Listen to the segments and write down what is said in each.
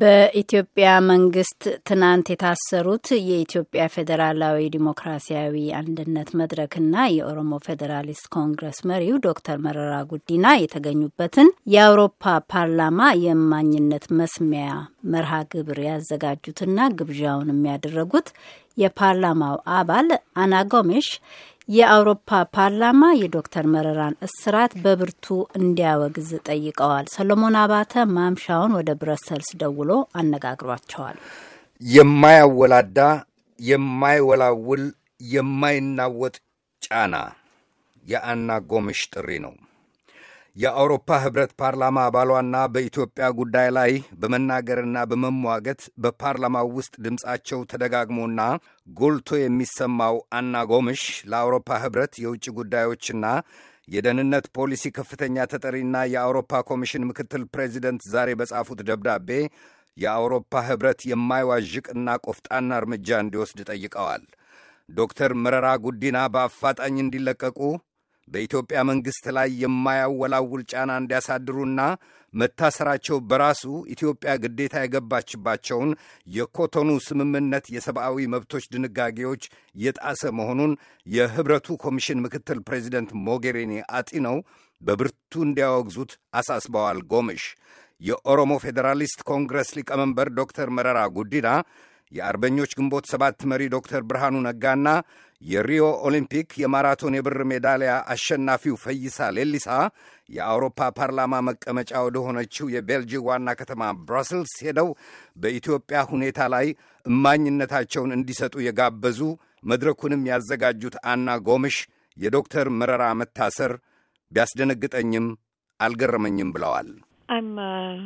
በኢትዮጵያ መንግስት ትናንት የታሰሩት የኢትዮጵያ ፌዴራላዊ ዲሞክራሲያዊ አንድነት መድረክና የኦሮሞ ፌዴራሊስት ኮንግረስ መሪው ዶክተር መረራ ጉዲና የተገኙበትን የአውሮፓ ፓርላማ የእማኝነት መስሚያ መርሃ ግብር ያዘጋጁትና ግብዣውን የሚያደረጉት የፓርላማው አባል አና ጎሜሽ የአውሮፓ ፓርላማ የዶክተር መረራን እስራት በብርቱ እንዲያወግዝ ጠይቀዋል። ሰሎሞን አባተ ማምሻውን ወደ ብረሰልስ ደውሎ አነጋግሯቸዋል። የማያወላዳ የማይወላውል የማይናወጥ ጫና የአና ጎምሽ ጥሪ ነው። የአውሮፓ ህብረት ፓርላማ አባሏና በኢትዮጵያ ጉዳይ ላይ በመናገርና በመሟገት በፓርላማው ውስጥ ድምፃቸው ተደጋግሞና ጎልቶ የሚሰማው አና ጎምሽ ለአውሮፓ ህብረት የውጭ ጉዳዮችና የደህንነት ፖሊሲ ከፍተኛ ተጠሪና የአውሮፓ ኮሚሽን ምክትል ፕሬዚደንት ዛሬ በጻፉት ደብዳቤ የአውሮፓ ህብረት የማይዋዥቅና ቆፍጣና እርምጃ እንዲወስድ ጠይቀዋል። ዶክተር መረራ ጉዲና በአፋጣኝ እንዲለቀቁ በኢትዮጵያ መንግሥት ላይ የማያወላውል ጫና እንዲያሳድሩና መታሰራቸው በራሱ ኢትዮጵያ ግዴታ የገባችባቸውን የኮቶኑ ስምምነት የሰብአዊ መብቶች ድንጋጌዎች የጣሰ መሆኑን የኅብረቱ ኮሚሽን ምክትል ፕሬዚደንት ሞጌሪኒ አጢነው በብርቱ እንዲያወግዙት አሳስበዋል። ጎምሽ የኦሮሞ ፌዴራሊስት ኮንግረስ ሊቀመንበር ዶክተር መረራ ጉዲና የአርበኞች ግንቦት ሰባት መሪ ዶክተር ብርሃኑ ነጋና የሪዮ ኦሊምፒክ የማራቶን የብር ሜዳሊያ አሸናፊው ፈይሳ ሌሊሳ የአውሮፓ ፓርላማ መቀመጫ ወደሆነችው የቤልጂክ ዋና ከተማ ብራስልስ ሄደው በኢትዮጵያ ሁኔታ ላይ እማኝነታቸውን እንዲሰጡ የጋበዙ መድረኩንም ያዘጋጁት አና ጎምሽ የዶክተር መረራ መታሰር ቢያስደነግጠኝም አልገረመኝም ብለዋል። uh,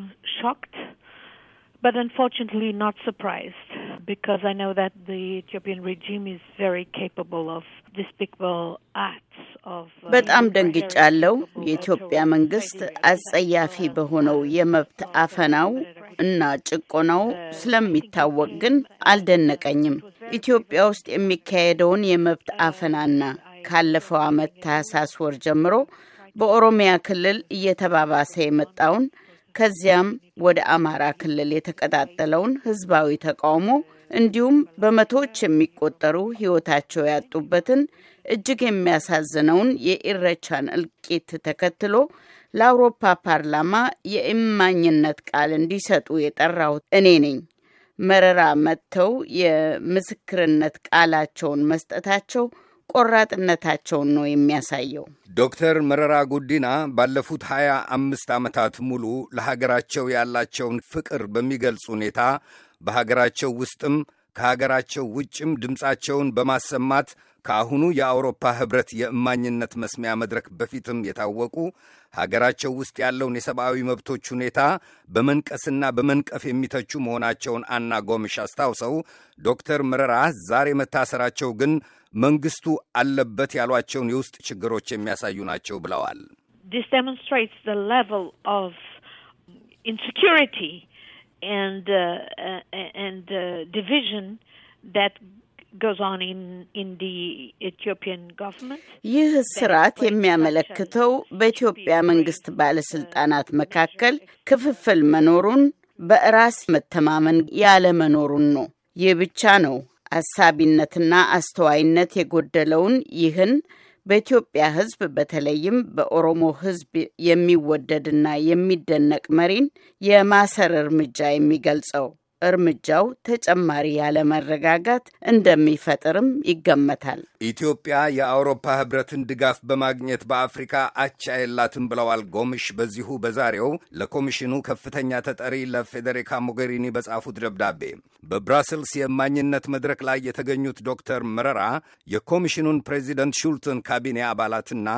but unfortunately not surprised. because I know that the Ethiopian regime is very capable of despicable acts of uh, በጣም ደንግጫለው። uh, የኢትዮጵያ መንግስት አጸያፊ uh, በሆነው የመብት አፈናው እና ጭቆናው ስለሚታወቅ ግን አልደነቀኝም። ኢትዮጵያ ውስጥ የሚካሄደውን የመብት አፈናና ካለፈው ዓመት ታህሳስ ወር ጀምሮ በኦሮሚያ ክልል እየተባባሰ የመጣውን ከዚያም ወደ አማራ ክልል የተቀጣጠለውን ህዝባዊ ተቃውሞ እንዲሁም በመቶዎች የሚቆጠሩ ህይወታቸው ያጡበትን እጅግ የሚያሳዝነውን የኢረቻን እልቂት ተከትሎ ለአውሮፓ ፓርላማ የእማኝነት ቃል እንዲሰጡ የጠራሁት እኔ ነኝ። መረራ መጥተው የምስክርነት ቃላቸውን መስጠታቸው ቆራጥነታቸውን ነው የሚያሳየው። ዶክተር መረራ ጉዲና ባለፉት ሀያ አምስት ዓመታት ሙሉ ለሀገራቸው ያላቸውን ፍቅር በሚገልጽ ሁኔታ በሀገራቸው ውስጥም ከሀገራቸው ውጭም ድምፃቸውን በማሰማት ከአሁኑ የአውሮፓ ህብረት የእማኝነት መስሚያ መድረክ በፊትም የታወቁ ሀገራቸው ውስጥ ያለውን የሰብአዊ መብቶች ሁኔታ በመንቀስና በመንቀፍ የሚተቹ መሆናቸውን አና ጎምሽ አስታውሰው ዶክተር መረራ ዛሬ መታሰራቸው ግን መንግስቱ አለበት ያሏቸውን የውስጥ ችግሮች የሚያሳዩ ናቸው ብለዋል። ኢንሴኪሪቲ ኤንድ ዲቪዥን ይህ ስርዓት የሚያመለክተው በኢትዮጵያ መንግስት ባለስልጣናት መካከል ክፍፍል መኖሩን፣ በራስ መተማመን ያለመኖሩን ነው። ይህ ብቻ ነው አሳቢነትና አስተዋይነት የጎደለውን ይህን በኢትዮጵያ ሕዝብ በተለይም በኦሮሞ ሕዝብ የሚወደድና የሚደነቅ መሪን የማሰር እርምጃ የሚገልጸው። እርምጃው ተጨማሪ ያለመረጋጋት እንደሚፈጥርም ይገመታል። ኢትዮጵያ የአውሮፓ ህብረትን ድጋፍ በማግኘት በአፍሪካ አቻ የላትም ብለዋል ጎምሽ በዚሁ በዛሬው ለኮሚሽኑ ከፍተኛ ተጠሪ ለፌዴሪካ ሞገሪኒ በጻፉት ደብዳቤ። በብራስልስ የእማኝነት መድረክ ላይ የተገኙት ዶክተር መረራ የኮሚሽኑን ፕሬዚደንት ሹልትን ካቢኔ አባላትና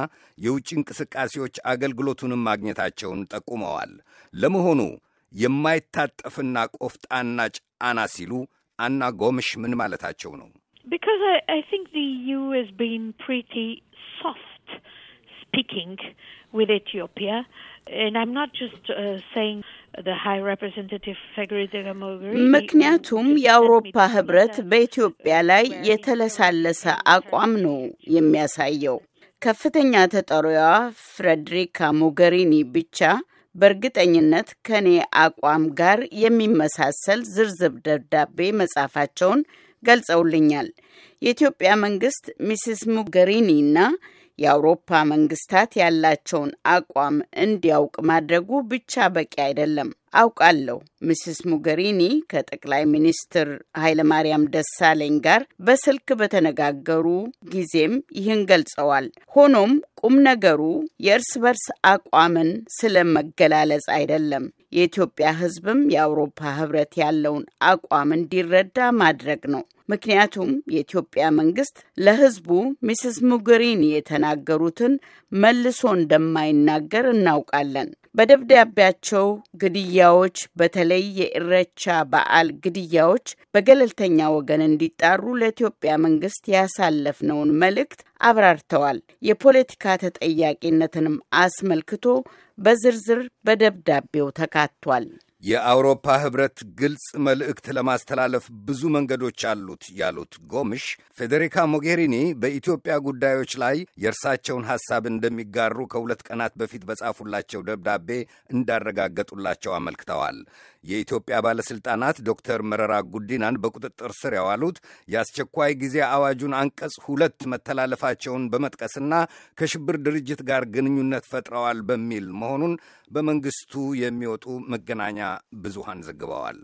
የውጭ እንቅስቃሴዎች አገልግሎቱንም ማግኘታቸውን ጠቁመዋል። ለመሆኑ የማይታጠፍና ቆፍጣና ጫና ሲሉ አና ጎምሽ ምን ማለታቸው ነው? Uh, ምክንያቱም የአውሮፓ ህብረት በኢትዮጵያ ላይ የተለሳለሰ አቋም ነው የሚያሳየው። ከፍተኛ ተጠሪዋ ፍሬድሪካ ሞገሪኒ ብቻ በእርግጠኝነት ከኔ አቋም ጋር የሚመሳሰል ዝርዝር ደብዳቤ መጻፋቸውን ገልጸውልኛል። የኢትዮጵያ መንግስት ሚስስ ሙገሪኒ እና የአውሮፓ መንግስታት ያላቸውን አቋም እንዲያውቅ ማድረጉ ብቻ በቂ አይደለም። አውቃለሁ ሚስስ ሙገሪኒ ከጠቅላይ ሚኒስትር ኃይለማርያም ደሳለኝ ጋር በስልክ በተነጋገሩ ጊዜም ይህን ገልጸዋል። ሆኖም ቁም ነገሩ የእርስ በርስ አቋምን ስለመገላለጽ አይደለም። የኢትዮጵያ ሕዝብም የአውሮፓ ሕብረት ያለውን አቋም እንዲረዳ ማድረግ ነው። ምክንያቱም የኢትዮጵያ መንግስት ለህዝቡ ሚስስ ሙገሪኒ የተናገሩትን መልሶ እንደማይናገር እናውቃለን። በደብዳቤያቸው ግድያዎች፣ በተለይ የኢረቻ በዓል ግድያዎች በገለልተኛ ወገን እንዲጣሩ ለኢትዮጵያ መንግስት ያሳለፍነውን መልእክት አብራርተዋል። የፖለቲካ ተጠያቂነትንም አስመልክቶ በዝርዝር በደብዳቤው ተካቷል። የአውሮፓ ህብረት ግልጽ መልእክት ለማስተላለፍ ብዙ መንገዶች አሉት ያሉት ጎምሽ ፌዴሪካ ሞጌሪኒ በኢትዮጵያ ጉዳዮች ላይ የእርሳቸውን ሐሳብ እንደሚጋሩ ከሁለት ቀናት በፊት በጻፉላቸው ደብዳቤ እንዳረጋገጡላቸው አመልክተዋል። የኢትዮጵያ ባለሥልጣናት ዶክተር መረራ ጉዲናን በቁጥጥር ስር ያዋሉት የአስቸኳይ ጊዜ አዋጁን አንቀጽ ሁለት መተላለፋቸውን በመጥቀስና ከሽብር ድርጅት ጋር ግንኙነት ፈጥረዋል በሚል መሆኑን በመንግስቱ የሚወጡ መገናኛ ብዙሃን ዘግበዋል።